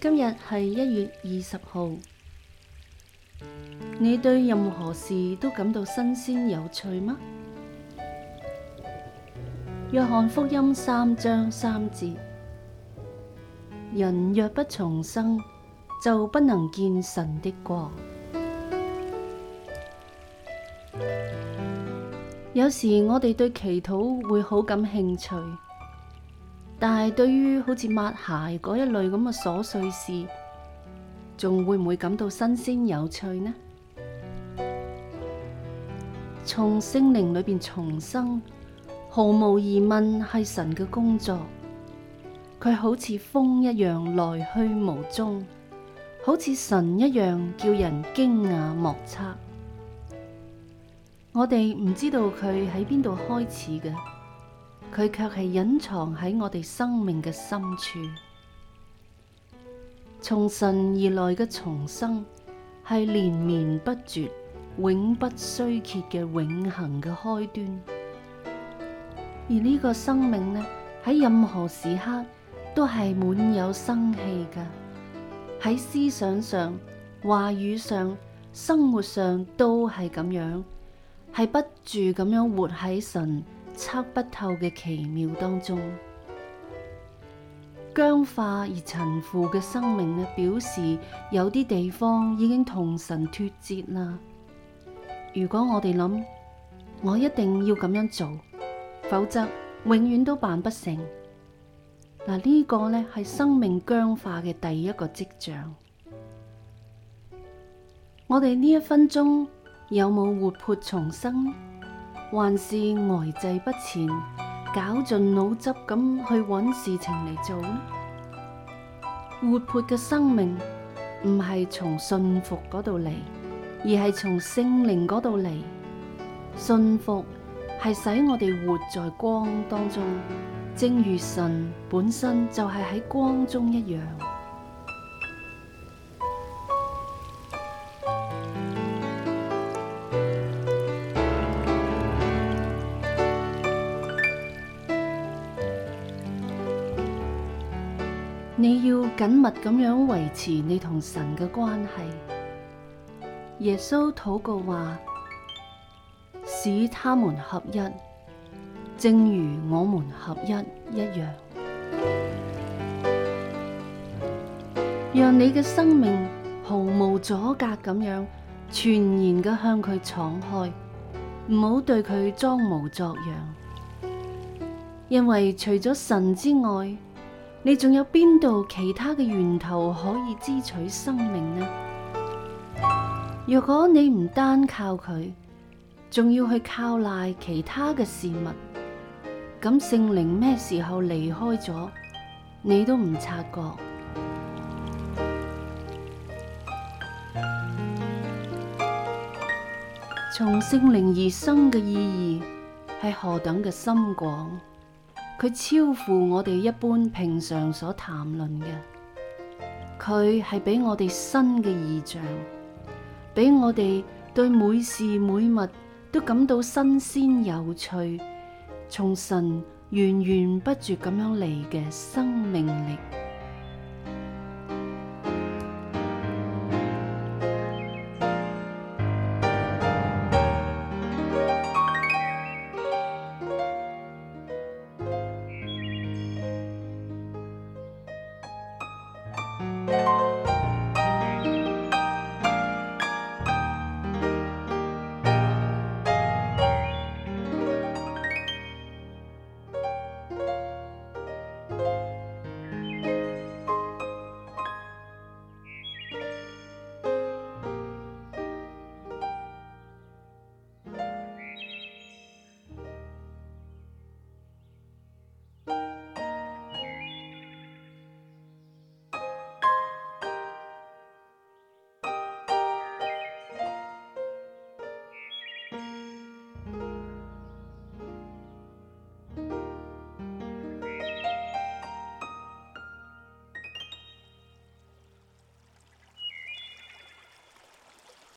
今日係一月二十號，你對任何事都感到新鮮有趣嗎？約翰福音三章三節：人若不重生，就不能見神的國。有時我哋對祈禱會好感興趣。但係對於好似抹鞋嗰一類咁嘅瑣碎事，仲會唔會感到新鮮有趣呢？從聖靈裏邊重生，毫無疑問係神嘅工作。佢好似風一樣來去無蹤，好似神一樣叫人驚訝莫測。我哋唔知道佢喺邊度開始嘅。佢卻係隱藏喺我哋生命嘅深處，從神而來嘅重生係連綿不絕、永不衰竭嘅永恒嘅開端。而呢個生命呢，喺任何時刻都係滿有生氣噶，喺思想上、話語上、生活上都係咁樣，係不住咁樣活喺神。測不透嘅奇妙當中，僵化而陳腐嘅生命咧，表示有啲地方已經同神脱節啦。如果我哋諗，我一定要咁樣做，否則永遠都辦不成。嗱，呢個呢係生命僵化嘅第一個跡象。我哋呢一分鐘有冇活潑重生？還是呆滯不前，絞盡腦汁咁去揾事情嚟做呢？活潑嘅生命唔係從信服嗰度嚟，而係從聖靈嗰度嚟。信服係使我哋活在光當中，正如神本身就係喺光中一樣。你要緊密咁樣維持你同神嘅關係。耶穌禱告話，使他們合一，正如我們合一一樣。讓你嘅生命毫無阻隔咁樣全然嘅向佢敞開，唔好對佢裝模作樣。因為除咗神之外，你仲有邊度其他嘅源頭可以支取生命呢？如果你唔單靠佢，仲要去靠賴其他嘅事物，咁聖靈咩時候離開咗，你都唔察覺。從聖靈而生嘅意義係何等嘅深廣？佢超乎我哋一般平常所談論嘅，佢係俾我哋新嘅意象，俾我哋對每事每物都感到新鮮有趣，從神源源不絕咁樣嚟嘅生命力。